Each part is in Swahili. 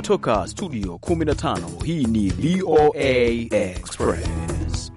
kutoka studio 15 hii ni VOA Express.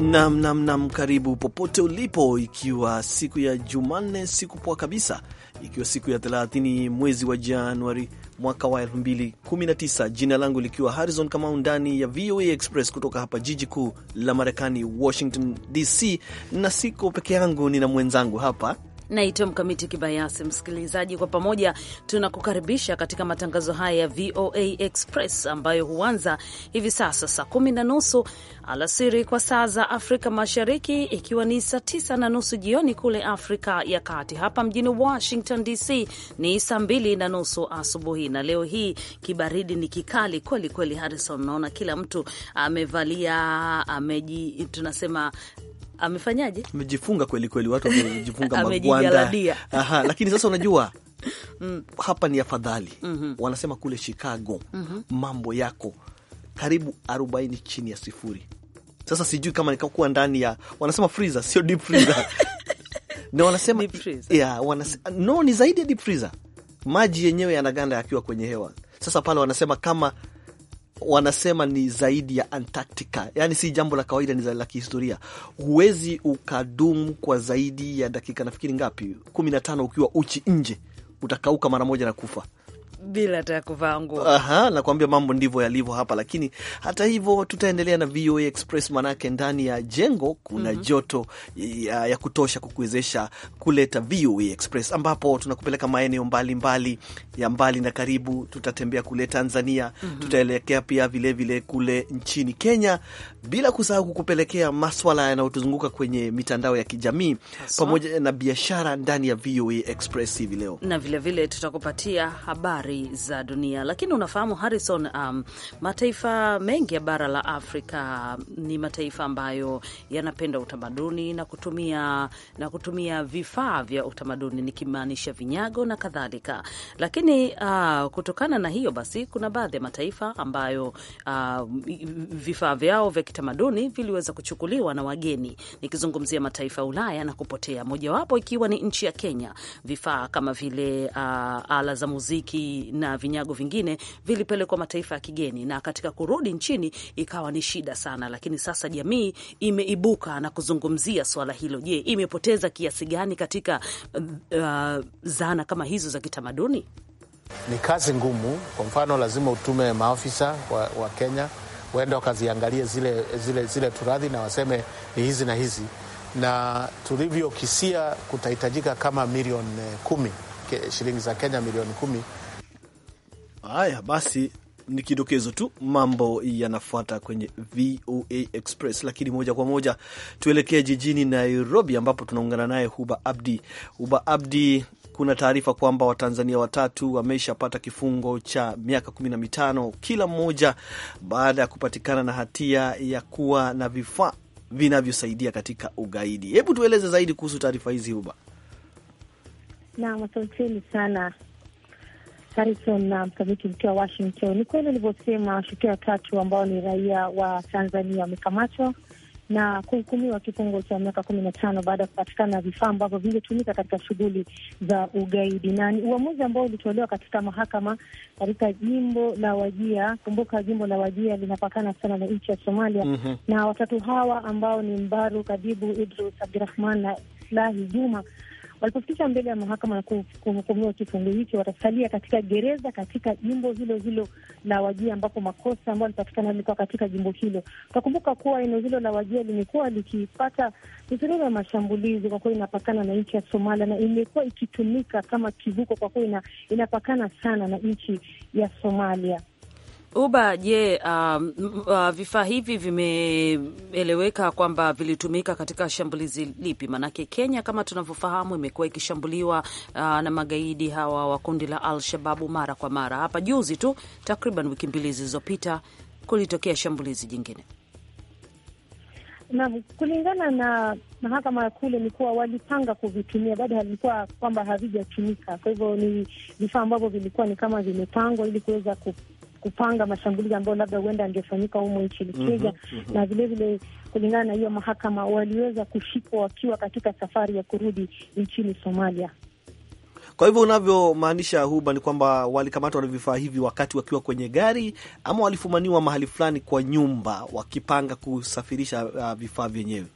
Nam, nam, nam, karibu popote ulipo, ikiwa siku ya Jumanne, siku poa kabisa, ikiwa siku ya 30 mwezi wa Januari mwaka wa 2019, jina langu likiwa Harrison Kamau ndani ya VOA Express kutoka hapa jiji kuu la Marekani, Washington DC, na siko peke yangu, nina mwenzangu hapa Naitwa Mkamiti Kibayasi. Msikilizaji, kwa pamoja tunakukaribisha katika matangazo haya ya VOA Express ambayo huanza hivi sasa saa kumi na nusu alasiri kwa saa za Afrika Mashariki, ikiwa ni saa tisa na nusu jioni kule Afrika ya Kati. Hapa mjini Washington DC ni saa mbili na nusu asubuhi, na leo hii kibaridi ni kikali kweli kweli. Harrison, naona kila mtu amevalia ameji, tunasema amefanyaje? Amejifunga kweli kweli, watu wamejifunga magwanda. Aha, lakini sasa unajua mm. hapa ni afadhali mm -hmm. wanasema kule Chicago mm -hmm. mambo yako karibu 40 chini ya sifuri. Sasa sijui kama nikakuwa ndani ya wanasema freezer, sio deep freezer na wanasema yeah, wanas... no, ni zaidi ya deep freezer, maji yenyewe yanaganda yakiwa kwenye hewa. Sasa pale wanasema kama wanasema ni zaidi ya Antarctica, yani si jambo la kawaida, ni la kihistoria. Huwezi ukadumu kwa zaidi ya dakika nafikiri ngapi, kumi na tano ukiwa uchi nje, utakauka mara moja na kufa bila hata kuvaa nguo. Aha, nakuambia mambo ndivyo yalivyo hapa, lakini hata hivyo tutaendelea na VOA Express, manake ndani ya jengo kuna mm -hmm. joto ya, ya kutosha kukuwezesha kuleta VOA Express, ambapo tunakupeleka maeneo mbalimbali ya mbali na karibu. Tutatembea kule Tanzania mm -hmm. tutaelekea pia vilevile vile kule nchini Kenya, bila kusahau kukupelekea maswala yanayotuzunguka kwenye mitandao ya kijamii pamoja na biashara ndani ya VOA Express hivi leo, na vilevile tutakupatia habari habari za dunia. Lakini unafahamu Harrison, um, mataifa mengi ya bara la Afrika ni mataifa ambayo yanapenda utamaduni na kutumia, na kutumia vifaa vya utamaduni nikimaanisha vinyago na kadhalika. Lakini uh, kutokana na hiyo basi, kuna baadhi ya mataifa ambayo uh, vifaa vyao vya kitamaduni viliweza kuchukuliwa na wageni, nikizungumzia mataifa ya Ulaya na kupotea, mojawapo ikiwa ni nchi ya Kenya. Vifaa kama vile uh, ala za muziki na vinyago vingine vilipelekwa mataifa ya kigeni, na katika kurudi nchini ikawa ni shida sana, lakini sasa jamii imeibuka na kuzungumzia swala hilo. Je, imepoteza kiasi gani katika uh, zana kama hizo za kitamaduni? Ni kazi ngumu. Kwa mfano, lazima utume maafisa wa, wa Kenya waende wakaziangalie zile, zile, zile turadhi na waseme ni hizi na hizi, na tulivyokisia kutahitajika kama milioni kumi shilingi za Kenya, milioni kumi Haya basi, ni kidokezo tu, mambo yanafuata kwenye VOA Express. Lakini moja kwa moja tuelekee jijini Nairobi, ambapo tunaungana naye Huba Abdi. Huba Abdi, kuna taarifa kwamba Watanzania watatu wameshapata kifungo cha miaka kumi na mitano kila mmoja baada ya kupatikana na hatia ya kuwa na vifaa vinavyosaidia katika ugaidi. Hebu tueleze zaidi kuhusu taarifa hizi Huba. Naam, asanteni sana. Harison na mkamiti mkiwa Washington. Ni kweli alivyosema, washukiwa watatu ambao ni raia wa Tanzania wamekamatwa na kuhukumiwa kifungo cha miaka kumi na tano baada ya kupatikana na vifaa ambavyo vingetumika katika shughuli za ugaidi, na ni uamuzi ambao ulitolewa katika mahakama katika jimbo la Wajia. Kumbuka jimbo la Wajia linapakana sana na nchi ya Somalia. mm -hmm. Na watatu hawa ambao ni Mbaru Kadibu, Idrus abdirahman na slahi Juma Walipofikisha mbele ya mahakama kuhukumiwa kifungu hicho, watasalia katika gereza katika jimbo hilo hilo la Wajia, ambapo makosa ambayo alipatikana yalikuwa katika jimbo hilo. Utakumbuka kuwa eneo hilo la Wajia limekuwa likipata misururu ya mashambulizi, kwa kuwa inapakana na nchi ya Somalia na imekuwa ikitumika kama kivuko, kwa kuwa inapakana sana na nchi ya Somalia. Uba, je, um, uh, vifaa hivi vimeeleweka kwamba vilitumika katika shambulizi lipi? Maanake Kenya kama tunavyofahamu imekuwa ikishambuliwa uh, na magaidi hawa wa kundi la Al-Shababu mara kwa mara. Hapa juzi tu, takriban wiki mbili zilizopita, kulitokea shambulizi jingine. Na kulingana na mahakama ya kule ni kuwa walipanga kuvitumia, bado halikuwa kwamba havijatumika. Kwa hivyo ni vifaa ambavyo vilikuwa ni kama vimepangwa ili kuweza kupanga mashambulizi ambayo labda huenda angefanyika humo nchini mhm, Kenya. mm -hmm, mm -hmm. Na vilevile kulingana na hiyo mahakama, waliweza kushikwa wakiwa katika safari ya kurudi nchini Somalia. Kwa hivyo unavyomaanisha Huba ni kwamba walikamatwa na vifaa hivi wakati wakiwa kwenye gari ama walifumaniwa mahali fulani kwa nyumba wakipanga kusafirisha uh, vifaa vyenyewe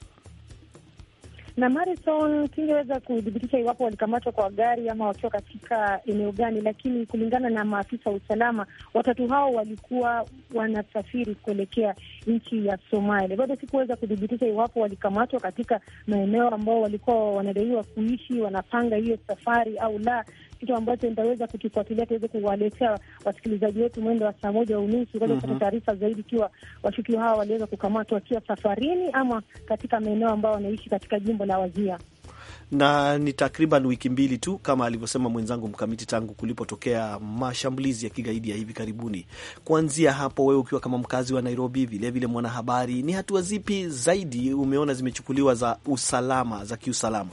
na marison singeweza kudhibitisha iwapo walikamatwa kwa gari ama wakiwa katika eneo gani, lakini kulingana na maafisa wa usalama, watatu hao walikuwa wanasafiri kuelekea nchi ya Somalia. Bado sikuweza kudhibitisha iwapo walikamatwa katika maeneo ambao walikuwa wanadaiwa kuishi, wanapanga hiyo safari au la, kitu ambacho nitaweza kukifuatilia tuweze kuwaletea wasikilizaji wetu mwendo wa saa moja unusu kuweza kupata mhm. taarifa zaidi ikiwa washukiwa hawa waliweza kukamatwa wakiwa safarini ama katika maeneo ambayo wanaishi katika jimbo la Wazia na ni takriban wiki mbili tu kama alivyosema mwenzangu Mkamiti, tangu kulipotokea mashambulizi ya kigaidi ya hivi karibuni. Kuanzia hapo, wewe ukiwa kama mkazi wa Nairobi, vilevile mwanahabari, ni hatua zipi zaidi umeona zimechukuliwa za usalama za kiusalama?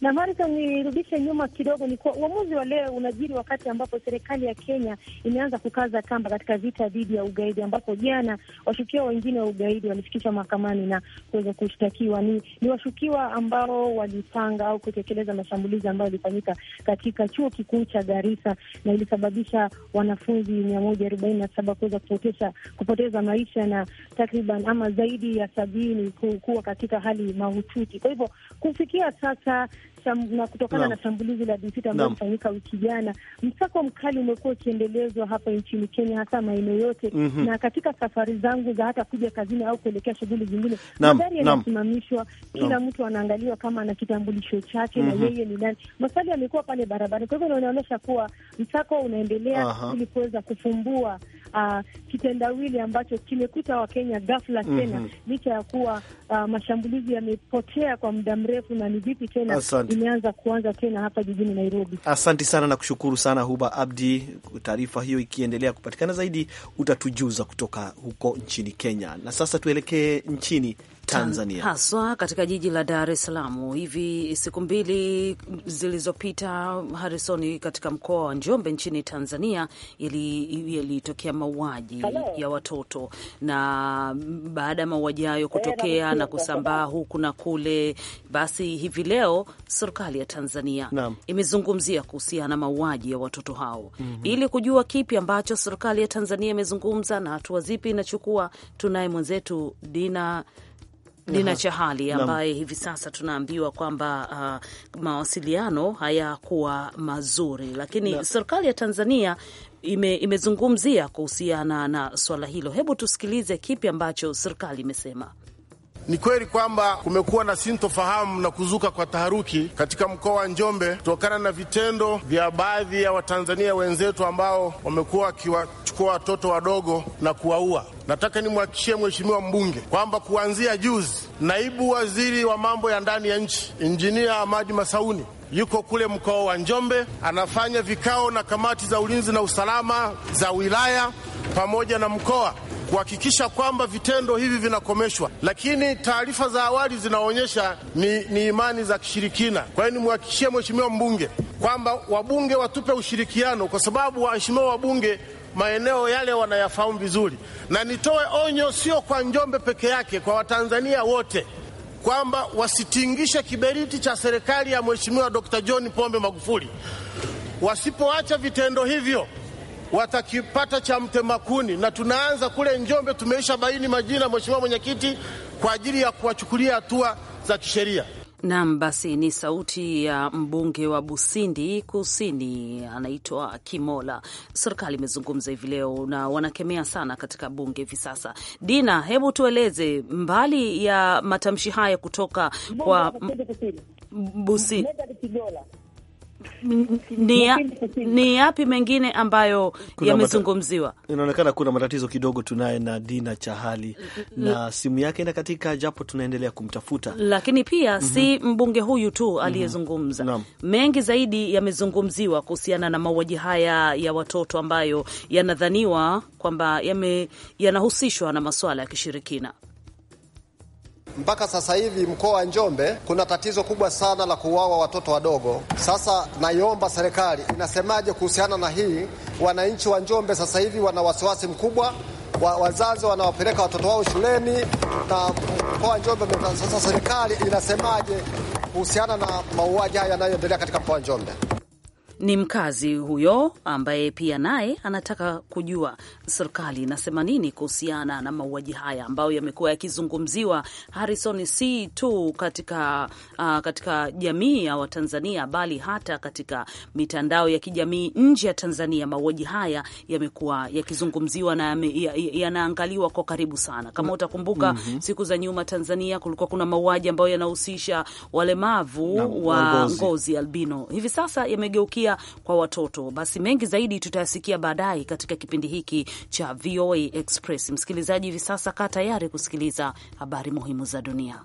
Na Harrison, nirudishe nyuma kidogo, ni kuwa uamuzi wa leo unajiri wakati ambapo serikali ya Kenya imeanza kukaza kamba katika vita dhidi ya ugaidi, ambapo jana washukiwa wengine wa ugaidi walifikishwa mahakamani na kuweza kushtakiwa. Ni, ni washukiwa ambao walipanga au kutekeleza mashambulizi ambayo yalifanyika katika chuo kikuu cha Garissa na ilisababisha wanafunzi mia moja arobaini na saba kuweza kupoteza, kupoteza maisha na takriban ama zaidi ya sabini kuwa katika hali mahututi. Kwa hivyo kufikia sasa na kutokana na shambulizi la disit ambayo ilifanyika wiki jana, msako mkali umekuwa ukiendelezwa hapa nchini Kenya, hasa maeneo yote mm -hmm. na katika safari zangu za hata kuja kazini au kuelekea shughuli zingine, magari yanasimamishwa, kila mtu anaangaliwa kama ana kitambulisho chake mm -hmm. na mhm. yeye ni nani. Maswali yamekuwa pale barabarani, kwa hivyo inaonyesha kuwa msako unaendelea ili kuweza kufumbua uh, kitendawili ambacho kimekuta Wakenya ghafla tena mm -hmm. licha ya kuwa uh, mashambulizi yamepotea kwa muda mrefu na ni vipi tena imeanza kuanza tena hapa jijini Nairobi. Asanti sana na kushukuru sana Huba Abdi. Taarifa hiyo ikiendelea kupatikana zaidi, utatujuza kutoka huko nchini Kenya. Na sasa tuelekee nchini Tanzania, haswa katika jiji la Dar es Salaam. Hivi siku mbili zilizopita, Harrison, katika mkoa wa Njombe nchini Tanzania yalitokea yali mauaji ya watoto, na baada ya mauaji hayo eh, kutokea na kusambaa huku na kule, basi hivi leo serikali ya Tanzania imezungumzia kuhusiana na mauaji ya watoto hao mm -hmm. ili kujua kipi ambacho serikali ya Tanzania imezungumza na hatua zipi inachukua, tunaye mwenzetu Dina Dina Chahali ambaye hivi sasa tunaambiwa kwamba uh, mawasiliano hayakuwa mazuri, lakini serikali ya Tanzania ime, imezungumzia kuhusiana na swala hilo. Hebu tusikilize kipi ambacho serikali imesema. Ni kweli kwamba kumekuwa na sintofahamu na kuzuka kwa taharuki katika mkoa wa Njombe kutokana na vitendo vya baadhi ya Watanzania wenzetu ambao wamekuwa wakiwachukua watoto wadogo na kuwaua. Nataka nimwhakikishie mheshimiwa mbunge kwamba kuanzia juzi, naibu waziri wa mambo ya ndani ya nchi Injinia Amadi Masauni yuko kule mkoa wa Njombe anafanya vikao na kamati za ulinzi na usalama za wilaya pamoja na mkoa kuhakikisha kwamba vitendo hivi vinakomeshwa, lakini taarifa za awali zinaonyesha ni, ni imani za kishirikina. Kwa hiyo nimhakikishie mheshimiwa mbunge kwamba wabunge watupe ushirikiano, kwa sababu waheshimiwa wabunge maeneo yale wanayafahamu vizuri, na nitoe onyo, sio kwa Njombe peke yake, kwa Watanzania wote kwamba wasitingishe kiberiti cha serikali ya mheshimiwa Dkt. John Pombe Magufuli. Wasipoacha vitendo hivyo watakipata cha mtemakuni, na tunaanza kule Njombe. Tumeisha baini majina, Mheshimiwa Mwenyekiti, kwa ajili ya kuwachukulia hatua za kisheria. Nam, basi ni sauti ya mbunge wa Busindi Kusini, anaitwa Kimola. Serikali imezungumza hivi leo na wanakemea sana katika bunge hivi sasa. Dina, hebu tueleze, mbali ya matamshi haya kutoka kwa Busindi ni, ni yapi mengine ambayo yamezungumziwa? Inaonekana kuna matatizo kidogo tunaye na Dina Chahali na simu yake ina katika, japo tunaendelea kumtafuta, lakini pia mm -hmm. si mbunge huyu tu mhm. aliyezungumza mm -hmm. mengi zaidi yamezungumziwa kuhusiana na mauaji haya ya watoto ambayo yanadhaniwa kwamba yanahusishwa na masuala ya kishirikina mpaka sasa hivi mkoa wa Njombe kuna tatizo kubwa sana la kuuawa watoto wadogo. Sasa naiomba serikali inasemaje kuhusiana na hii? Wananchi wa Njombe sasa hivi wana wasiwasi mkubwa wa, wazazi wanawapeleka watoto wao shuleni na mkoa wa Njombe. Sasa serikali inasemaje kuhusiana na mauaji haya yanayoendelea katika mkoa wa Njombe? ni mkazi huyo ambaye pia naye anataka kujua serikali inasema nini kuhusiana na mauaji haya ambayo yamekuwa yakizungumziwa, Harrison, si tu katika, uh, katika jamii ya Watanzania bali hata katika mitandao ya kijamii nje ya Tanzania. Mauaji haya yamekuwa yakizungumziwa na yanaangaliwa ya, ya kwa karibu sana. Kama utakumbuka mm -hmm. siku za nyuma Tanzania kulikuwa kuna mauaji ambayo yanahusisha walemavu wa ngozi albino, hivi sasa yamegeukia kupitia kwa watoto. Basi mengi zaidi tutayasikia baadaye katika kipindi hiki cha VOA Express. Msikilizaji, hivi sasa kaa tayari kusikiliza habari muhimu za dunia.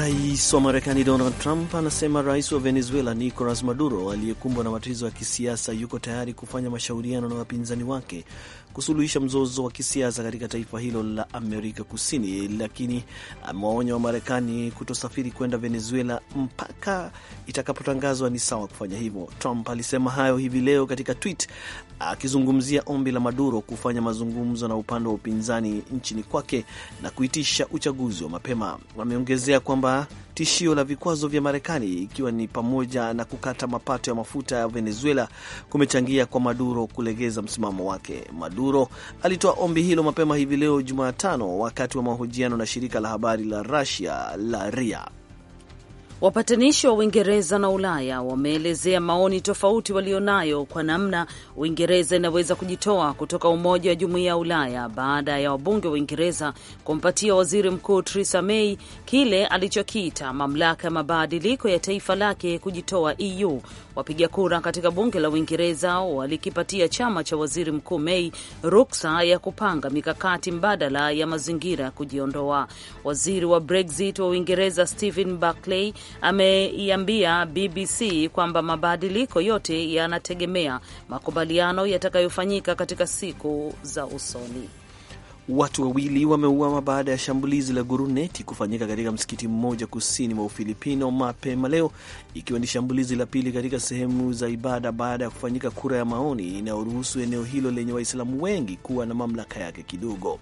Rais wa Marekani Donald Trump anasema rais wa Venezuela Nicolas Maduro aliyekumbwa na matatizo ya kisiasa yuko tayari kufanya mashauriano na wapinzani wake kusuluhisha mzozo wa kisiasa katika taifa hilo la Amerika Kusini, lakini amewaonya wa Marekani kutosafiri kwenda Venezuela mpaka itakapotangazwa ni sawa kufanya hivyo. Trump alisema hayo hivi leo katika tweet akizungumzia ombi la Maduro kufanya mazungumzo na upande wa upinzani nchini kwake na kuitisha uchaguzi wa mapema. Ameongezea kwamba tishio la vikwazo vya Marekani ikiwa ni pamoja na kukata mapato ya mafuta ya Venezuela kumechangia kwa Maduro kulegeza msimamo wake Maduro Maduro alitoa ombi hilo mapema hivi leo Jumatano wakati wa mahojiano na shirika la habari la Russia la RIA. Wapatanishi wa Uingereza na Ulaya wameelezea maoni tofauti walionayo kwa namna Uingereza inaweza kujitoa kutoka umoja wa jumuiya ya Ulaya baada ya wabunge wa Uingereza kumpatia waziri mkuu Theresa May kile alichokiita mamlaka ya mabadiliko ya taifa lake kujitoa EU Wapiga kura katika bunge la Uingereza walikipatia chama cha waziri mkuu mei ruksa ya kupanga mikakati mbadala ya mazingira ya kujiondoa. Waziri wa Brexit wa Uingereza Stephen Barclay ameiambia BBC kwamba mabadiliko yote yanategemea makubaliano yatakayofanyika katika siku za usoni. Watu wawili wameuawa baada ya shambulizi la guruneti kufanyika katika msikiti mmoja kusini mwa Ufilipino mapema leo, ikiwa ni shambulizi la pili katika sehemu za ibada baada ya kufanyika kura ya maoni inayoruhusu eneo hilo lenye Waislamu wengi kuwa na mamlaka yake kidogo.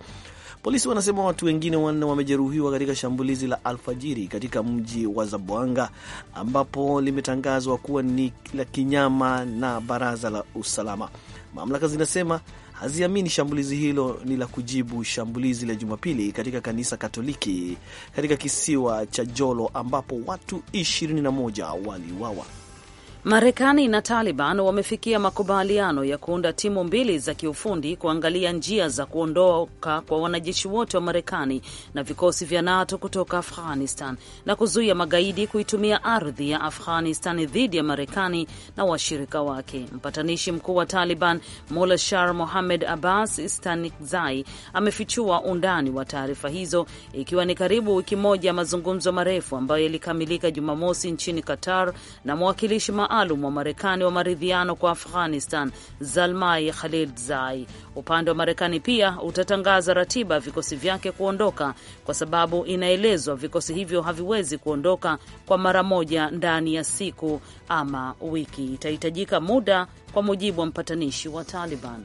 Polisi wanasema watu wengine wanne wamejeruhiwa katika shambulizi la alfajiri katika mji wa zabwanga ambapo limetangazwa kuwa ni la kinyama na baraza la usalama. Mamlaka zinasema haziamini shambulizi hilo ni la kujibu shambulizi la Jumapili katika kanisa Katoliki katika kisiwa cha Jolo ambapo watu 21 waliuawa. Marekani na Taliban wamefikia makubaliano ya kuunda timu mbili za kiufundi kuangalia njia za kuondoka kwa wanajeshi wote wa Marekani na vikosi vya NATO kutoka Afghanistan na kuzuia magaidi kuitumia ardhi ya Afghanistan dhidi ya Marekani na washirika wake. Mpatanishi mkuu wa Taliban Mulashar Mohamed Abbas Stanikzai amefichua undani wa taarifa hizo, ikiwa ni karibu wiki moja ya mazungumzo marefu ambayo yalikamilika Jumamosi nchini Qatar na mwakilishi maalum wa Marekani wa maridhiano kwa Afghanistan, Zalmai Khalilzai. Upande wa Marekani pia utatangaza ratiba ya vikosi vyake kuondoka, kwa sababu inaelezwa vikosi hivyo haviwezi kuondoka kwa mara moja ndani ya siku ama wiki. Itahitajika muda, kwa mujibu wa mpatanishi wa Taliban.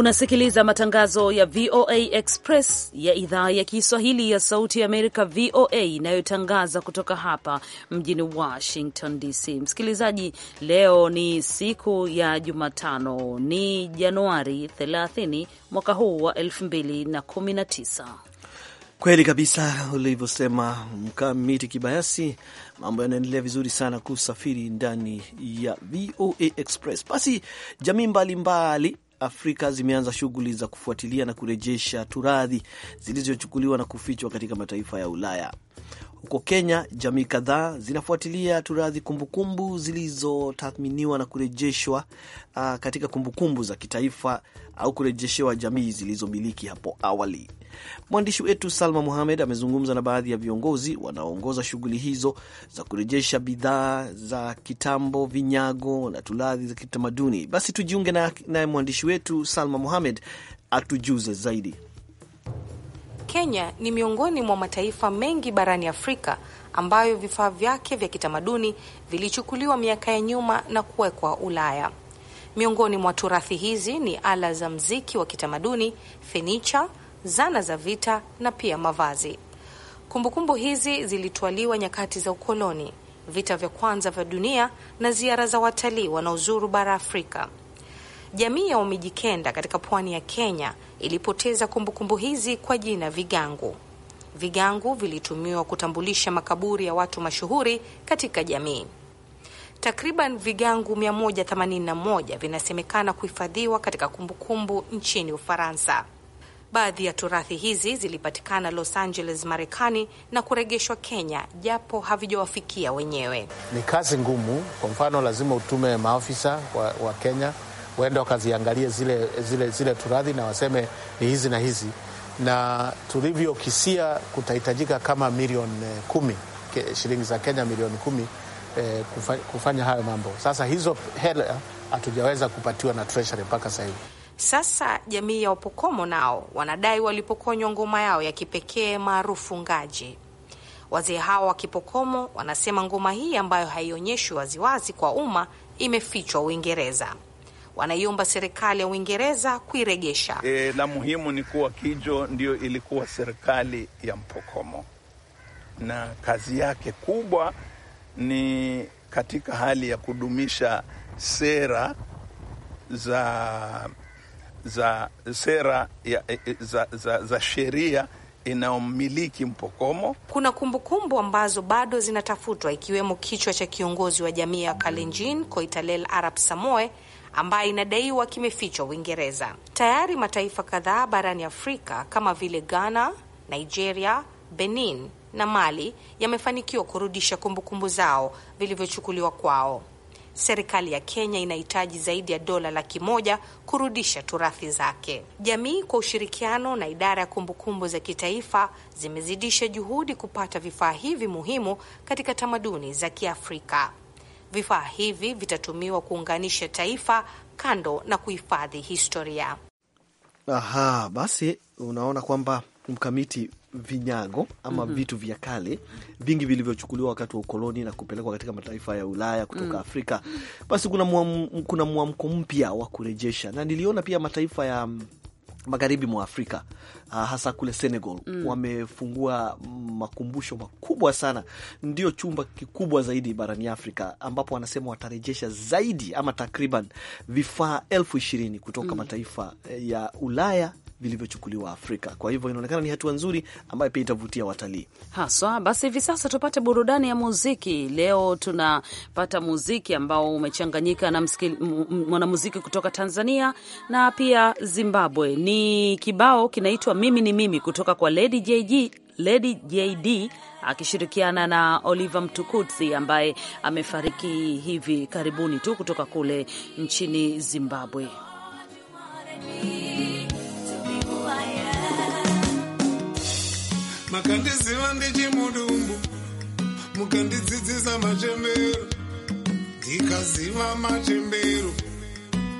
Unasikiliza matangazo ya VOA Express ya idhaa ya Kiswahili ya Sauti ya Amerika, VOA, inayotangaza kutoka hapa mjini Washington DC. Msikilizaji, leo ni siku ya Jumatano, ni Januari 30 mwaka huu wa 2019. Kweli kabisa ulivyosema Mkamiti Kibayasi, mambo yanaendelea vizuri sana kusafiri ndani ya VOA Express. Basi jamii mbalimbali mbali Afrika zimeanza shughuli za kufuatilia na kurejesha turathi zilizochukuliwa na kufichwa katika mataifa ya Ulaya. Huko Kenya, jamii kadhaa zinafuatilia turathi kumbukumbu zilizotathminiwa na kurejeshwa uh, katika kumbukumbu za kitaifa au kurejeshewa jamii zilizomiliki hapo awali. Mwandishi wetu Salma muhamed amezungumza na baadhi ya viongozi wanaoongoza shughuli hizo za kurejesha bidhaa za kitambo, vinyago na tuladhi za kitamaduni. Basi tujiunge naye na mwandishi wetu Salma muhamed atujuze zaidi. Kenya ni miongoni mwa mataifa mengi barani Afrika ambayo vifaa vyake vya kitamaduni vilichukuliwa miaka ya nyuma na kuwekwa Ulaya. Miongoni mwa turathi hizi ni ala za mziki wa kitamaduni, fenicha, zana za vita na pia mavazi. Kumbukumbu hizi zilitwaliwa nyakati za ukoloni, vita vya kwanza vya dunia na ziara za watalii wanaozuru bara Afrika. Jamii ya Wamijikenda katika pwani ya Kenya ilipoteza kumbukumbu hizi kwa jina vigangu. Vigangu vilitumiwa kutambulisha makaburi ya watu mashuhuri katika jamii. Takriban vigangu 181 vinasemekana kuhifadhiwa katika kumbukumbu nchini Ufaransa. Baadhi ya turathi hizi zilipatikana Los Angeles, Marekani na kuregeshwa Kenya, japo havijawafikia wenyewe. Ni kazi ngumu. Kwa mfano, lazima utume maafisa wa, wa Kenya waende wakaziangalie zile, zile, zile turathi na waseme ni hizi na hizi, na tulivyokisia kutahitajika kama milioni eh, kumi shilingi za Kenya milioni kumi eh, kufanya hayo mambo. Sasa hizo hela hatujaweza kupatiwa na treasury mpaka sasa hivi. Sasa jamii ya Wapokomo nao wanadai walipokonywa ngoma yao ya kipekee maarufu Ngaji. Wazee hawa wa Kipokomo wanasema ngoma hii ambayo haionyeshwi waziwazi kwa umma imefichwa Uingereza. Wanaiomba serikali ya Uingereza kuiregesha. E, la muhimu ni kuwa Kijo ndiyo ilikuwa serikali ya Mpokomo, na kazi yake kubwa ni katika hali ya kudumisha sera za za sera ya, e, e, za, za, za sheria inayomiliki mpokomo. Kuna kumbukumbu kumbu ambazo bado zinatafutwa ikiwemo kichwa cha kiongozi wa jamii ya Kalenjin Koitalel Arab Samoe ambaye inadaiwa kimefichwa Uingereza. Tayari mataifa kadhaa barani Afrika kama vile Ghana, Nigeria, Benin na Mali yamefanikiwa kurudisha kumbukumbu kumbu zao vilivyochukuliwa kwao serikali ya Kenya inahitaji zaidi ya dola laki moja kurudisha turathi zake. Jamii kwa ushirikiano na idara ya kumbukumbu za kitaifa zimezidisha juhudi kupata vifaa hivi muhimu katika tamaduni za Kiafrika. Vifaa hivi vitatumiwa kuunganisha taifa kando na kuhifadhi historia. Aha, basi unaona kwamba mkamiti vinyago ama mm -hmm. vitu vya kale vingi vilivyochukuliwa wakati wa ukoloni na kupelekwa katika mataifa ya Ulaya kutoka mm -hmm. Afrika. Basi kuna muamko kuna mwamko mpya wa kurejesha, na niliona pia mataifa ya mm, magharibi mwa Afrika uh, hasa kule Senegal mm. Wamefungua mm, makumbusho makubwa sana, ndio chumba kikubwa zaidi barani Afrika, ambapo wanasema watarejesha zaidi ama takriban vifaa elfu ishirini kutoka mm. mataifa eh, ya Ulaya vilivyochukuliwa Afrika. Kwa hivyo inaonekana ni hatua nzuri ambayo pia itavutia watalii haswa. Basi hivi sasa tupate burudani ya muziki. Leo tunapata muziki ambao umechanganyika na mwanamuziki kutoka Tanzania na pia Zimbabwe. Ni kibao kinaitwa mimi ni mimi kutoka kwa Lady JG Lady JD akishirikiana na Oliver Mtukudzi ambaye amefariki hivi karibuni tu kutoka kule nchini Zimbabwe. makandiziva ndichimudumbu mukandidzidzisa machembero ndikaziva machembero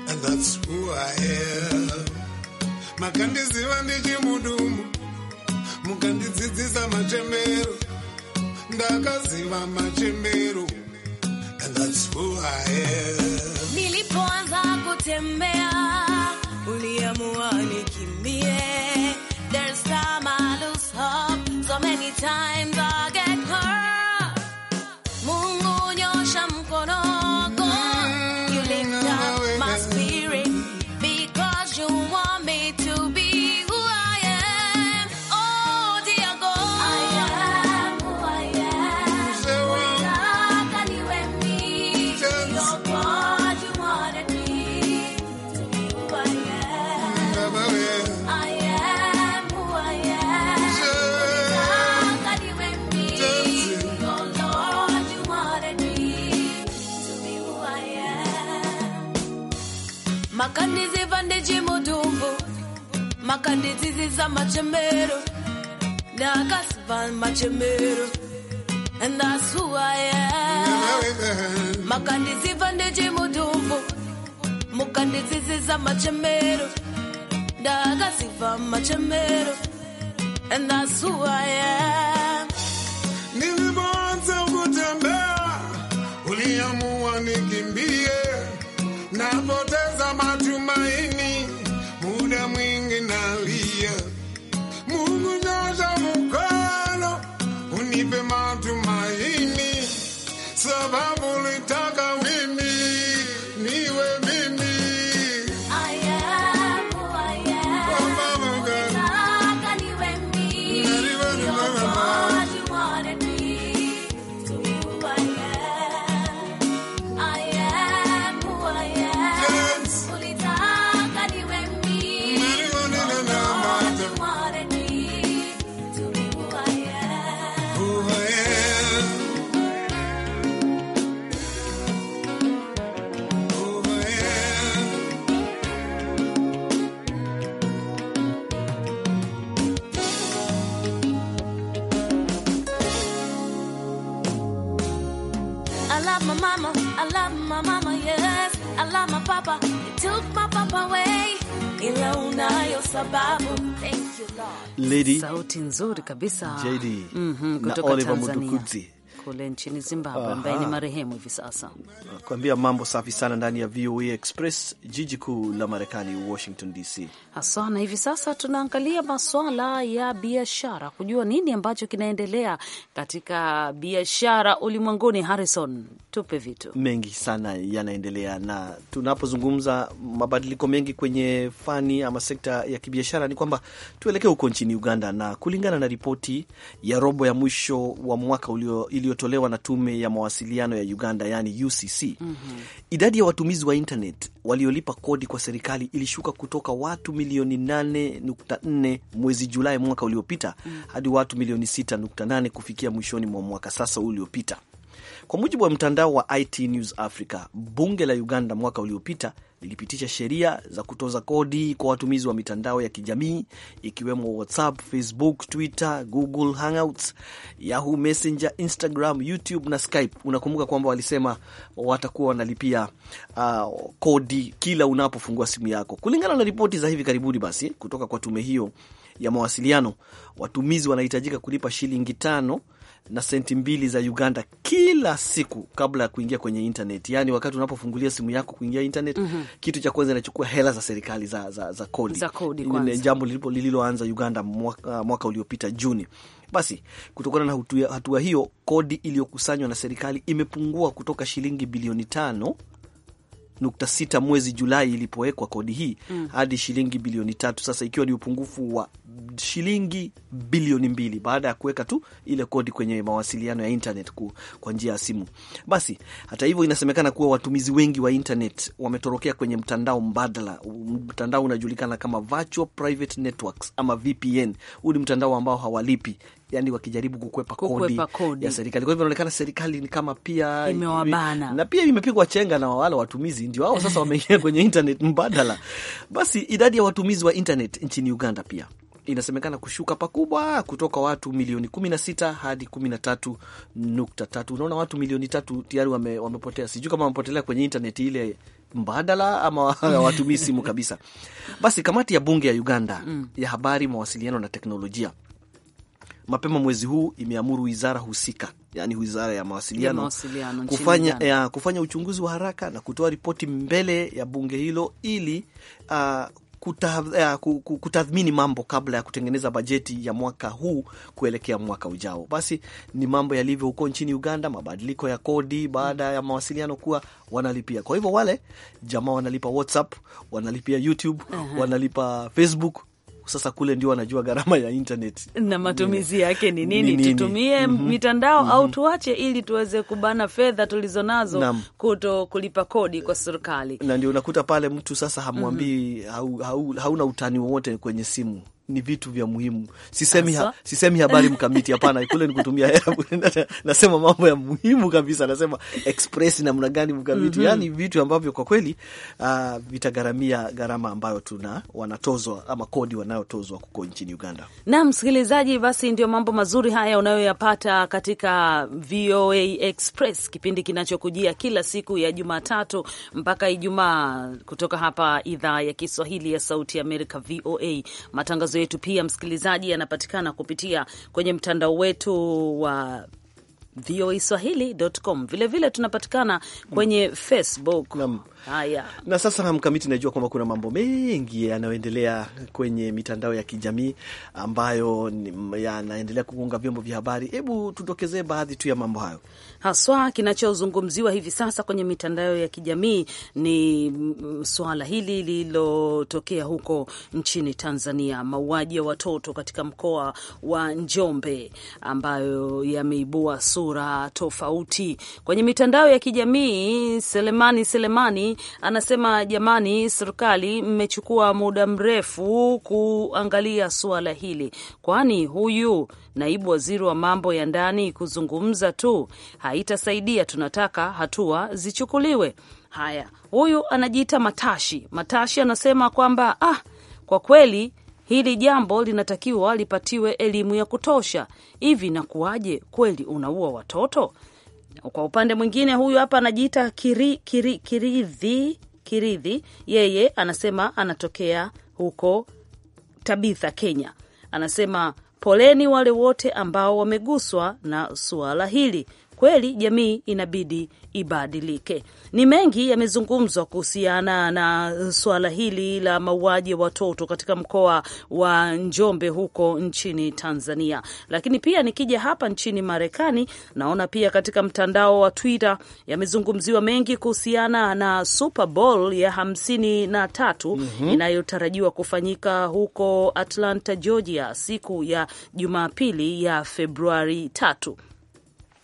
and that's who i am makandiziva ndichimudumbu mukandidzidzisa machembero ndakaziva machembero and that's who i am nilipoanza kutembea uliamua nikimbie there's time i lose so many times I get hurt. Ladies are machemero. na van machemero. And that's who I am. Makandizi vandeji mudumbu. Mukandizi ziza machemero. na van machemero. And that's who I am. love my mama, I love my mama, yes. I love my papa, he took my papa away. Ila unayo sababu. Thank you Lord. Lady. Sauti nzuri kabisa. JD. Mm -hmm, kutoka na Oliver Tanzania. Mutukudzi kule nchini Zimbabwe ambaye ni marehemu hivi sasa. Kuambia mambo safi sana ndani ya VOA Express, jiji kuu la Marekani, Washington DC haswa. Na hivi sasa tunaangalia maswala ya biashara, kujua nini ambacho kinaendelea katika biashara ulimwenguni. Harrison, tupe vitu mengi sana yanaendelea, na tunapozungumza mabadiliko mengi kwenye fani ama sekta ya kibiashara, ni kwamba tuelekee huko nchini Uganda, na kulingana na ripoti ya robo ya mwisho wa mwaka ulio iliyotolewa na tume ya mawasiliano ya Uganda, yani UCC, mm -hmm. idadi ya watumizi wa internet waliolipa kodi kwa serikali ilishuka kutoka watu milioni 8.4 mwezi Julai mwaka uliopita mm -hmm. hadi watu milioni 6.8 kufikia mwishoni mwa mwaka sasa uliopita. Kwa mujibu wa mtandao wa IT News Africa, bunge la Uganda mwaka uliopita lilipitisha sheria za kutoza kodi kwa watumizi wa mitandao ya kijamii ikiwemo WhatsApp, Facebook, Twitter, Google Hangouts, Yahoo Messenger, Instagram, YouTube na Skype. Unakumbuka kwamba walisema watakuwa wanalipia uh, kodi kila unapofungua simu yako. Kulingana na ripoti za hivi karibuni basi kutoka kwa tume hiyo ya mawasiliano, watumizi wanahitajika kulipa shilingi tano na senti mbili za Uganda kila siku kabla ya kuingia kwenye internet. Yani wakati unapofungulia simu yako kuingia internet, mm -hmm. kitu cha kwanza inachukua hela za serikali za, za, za kodi, za kodi kwanza. Jambo lililoanza Uganda mwaka, uh, mwaka uliopita Juni. Basi kutokana na hatua hiyo, kodi iliyokusanywa na serikali imepungua kutoka shilingi bilioni tano nukta sita mwezi Julai ilipowekwa kodi hii mm. hadi shilingi bilioni tatu sasa, ikiwa ni upungufu wa shilingi bilioni mbili baada ya kuweka tu ile kodi kwenye mawasiliano ya internet kwa njia ya simu. Basi hata hivyo, inasemekana kuwa watumizi wengi wa internet wametorokea kwenye mtandao mbadala. Mtandao unajulikana kama virtual private networks ama VPN. Huu ni mtandao ambao hawalipi Yani wakijaribu kukwepa kodi, kodi ya serikali. Kwa hivyo inaonekana serikali ni kama pia imewabana na pia imepigwa chenga na wala watumizi ndio hao sasa wameingia kwenye internet mbadala. Basi idadi ya watumizi wa internet nchini Uganda pia inasemekana kushuka pakubwa kutoka watu milioni 16 hadi 13.3. Unaona, watu milioni tatu tayari wame, wamepotea. Sijui kama wamepotelea kwenye intaneti ile mbadala ama watumii simu kabisa. Basi kamati ya bunge ya Uganda mm. ya habari, mawasiliano na teknolojia mapema mwezi huu imeamuru wizara husika yani wizara ya mawasiliano, ya mawasiliano kufanya, ya, kufanya uchunguzi wa haraka na kutoa ripoti mbele ya bunge hilo ili uh, Eh, kutathmini mambo kabla ya kutengeneza bajeti ya mwaka huu kuelekea mwaka ujao. Basi ni mambo yalivyo huko nchini Uganda, mabadiliko ya kodi baada ya mawasiliano kuwa wanalipia. Kwa hivyo wale jamaa wanalipa WhatsApp, wanalipia YouTube, uh -huh. wanalipa Facebook sasa kule ndio wanajua gharama ya internet na matumizi yake ni nini, nini, tutumie mm -hmm. mitandao mm -hmm. au mhm. tuache, ili tuweze kubana fedha tulizonazo Nam. kuto kulipa kodi kwa serikali, na ndio unakuta pale mtu sasa hamwambii mm -hmm. hau, hau, hauna utani wowote kwenye simu ni vitu vya muhimu. Sisemi, ha, sisemi habari mkamiti, hapana, kule ni kutumia hela. Nasema mambo ya muhimu kabisa, nasema express namna gani mkamiti, mm -hmm. Yani vitu ambavyo kwa kweli uh, vitagharamia gharama ambayo tuna wanatozwa ama kodi wanayotozwa kuko nchini Uganda. Naam msikilizaji, basi ndio mambo mazuri haya unayoyapata katika VOA Express, kipindi kinachokujia kila siku ya Jumatatu mpaka Ijumaa kutoka hapa idhaa ya Kiswahili ya Sauti ya Amerika, VOA matangazo matangazo yetu pia, msikilizaji, yanapatikana kupitia kwenye mtandao wetu wa uh, voaswahili.com. Vilevile tunapatikana kwenye hmm. Facebook. Haya, na sasa Mkamiti, najua kwamba kuna mambo mengi yanayoendelea kwenye mitandao ya kijamii ambayo yanaendelea kuunga vyombo vya habari. Hebu tutokezee baadhi tu ya mambo hayo, haswa kinachozungumziwa hivi sasa kwenye mitandao ya kijamii ni mm, swala hili lililotokea huko nchini Tanzania, mauaji ya watoto katika mkoa wa Njombe ambayo yameibua sura tofauti kwenye mitandao ya kijamii. Selemani Selemani anasema jamani, serikali mmechukua muda mrefu kuangalia suala hili, kwani huyu naibu waziri wa mambo ya ndani kuzungumza tu haitasaidia. Tunataka hatua zichukuliwe. Haya, huyu anajiita Matashi. Matashi anasema kwamba ah, kwa kweli hili jambo linatakiwa lipatiwe elimu ya kutosha. Hivi nakuwaje? Kweli unaua watoto? Kwa upande mwingine, huyu hapa anajiita kiri, kiri, kiridhi Kiridhi, yeye anasema anatokea huko Tabitha, Kenya. Anasema poleni wale wote ambao wameguswa na suala hili kweli jamii inabidi ibadilike. Ni mengi yamezungumzwa kuhusiana na suala hili la mauaji ya watoto katika mkoa wa Njombe huko nchini Tanzania, lakini pia nikija hapa nchini Marekani naona pia katika mtandao wa Twitter yamezungumziwa mengi kuhusiana na Super Bowl ya hamsini na tatu mm -hmm. inayotarajiwa kufanyika huko Atlanta, Georgia siku ya Jumapili ya Februari tatu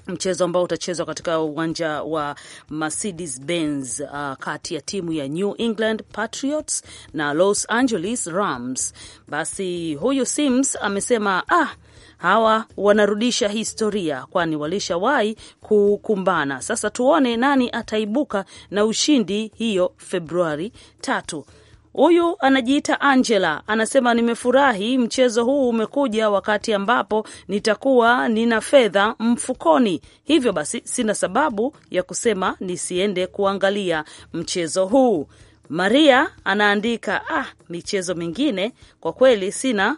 mchezo ambao utachezwa katika uwanja wa Mercedes Benz uh, kati ya timu ya New England Patriots na Los Angeles Rams. Basi huyu Sims amesema ah, hawa wanarudisha historia, kwani walishawahi kukumbana. Sasa tuone nani ataibuka na ushindi hiyo Februari tatu. Huyu anajiita Angela, anasema nimefurahi mchezo huu umekuja wakati ambapo nitakuwa nina fedha mfukoni, hivyo basi sina sababu ya kusema nisiende kuangalia mchezo huu. Maria anaandika ah, michezo mingine kwa kweli sina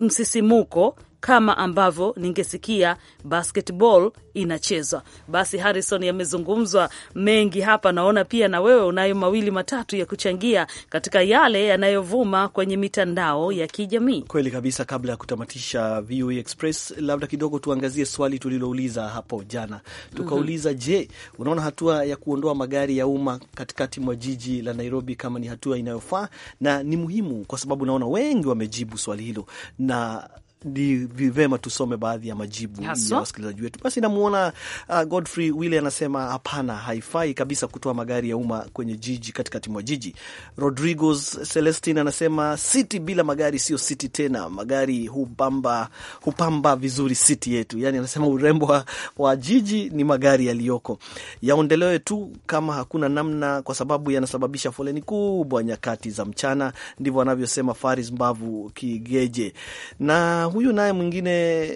msisimuko kama ambavyo ningesikia basketball inachezwa. Basi Harrison, yamezungumzwa mengi hapa, naona pia na wewe unayo mawili matatu ya kuchangia katika yale yanayovuma kwenye mitandao ya kijamii. Kweli kabisa. Kabla ya kutamatisha VOA e Express, labda kidogo tuangazie swali tulilouliza hapo jana, tukauliza mm -hmm. Je, unaona hatua ya kuondoa magari ya umma katikati mwa jiji la Nairobi kama ni hatua inayofaa na ni muhimu? Kwa sababu naona wengi wamejibu swali hilo na ni vivema tusome baadhi ya majibu Haso ya wasikilizaji wetu. Basi namwona uh, Godfrey Wille anasema hapana, haifai kabisa kutoa magari ya umma kwenye jiji, katikati mwa jiji. Rodriguez Celestin anasema city bila magari sio city tena, magari hupamba, hupamba vizuri city yetu. Yani anasema urembo wa, jiji ni magari yaliyoko, yaondelewe tu kama hakuna namna, kwa sababu yanasababisha foleni kubwa nyakati za mchana. Ndivyo anavyosema Faris Mbavu Kigeje na huyu naye mwingine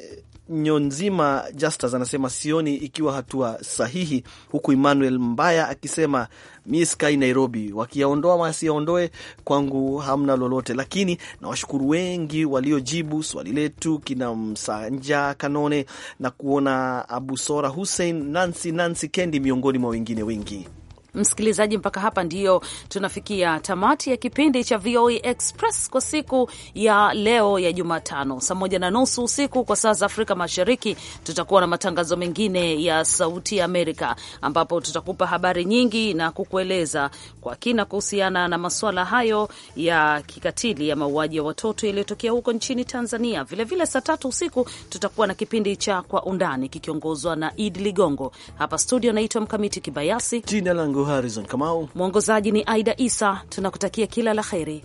Nyonzima Justus anasema sioni ikiwa hatua sahihi, huku Emmanuel Mbaya akisema mi skai Nairobi, wakiyaondoa wasiyaondoe, kwangu hamna lolote. Lakini na washukuru wengi waliojibu swali letu, kina Msanja Kanone na kuona Abusora Hussein, Nancy Nancy Kendi, miongoni mwa wengine wengi. Msikilizaji, mpaka hapa ndiyo tunafikia tamati ya kipindi cha VOA e Express kwa siku ya leo ya Jumatano saa moja na nusu usiku kwa saa za Afrika Mashariki. Tutakuwa na matangazo mengine ya Sauti ya Amerika ambapo tutakupa habari nyingi na kukueleza kwa kina kuhusiana na masuala hayo ya kikatili ya mauaji ya watoto yaliyotokea huko nchini Tanzania. Vilevile saa tatu usiku tutakuwa na kipindi cha Kwa Undani kikiongozwa na Idi Ligongo. Hapa studio naitwa Mkamiti Kibayasi, jina langu langu Harrison Kamau, mwongozaji ni Aida Isa. Tunakutakia kila la heri.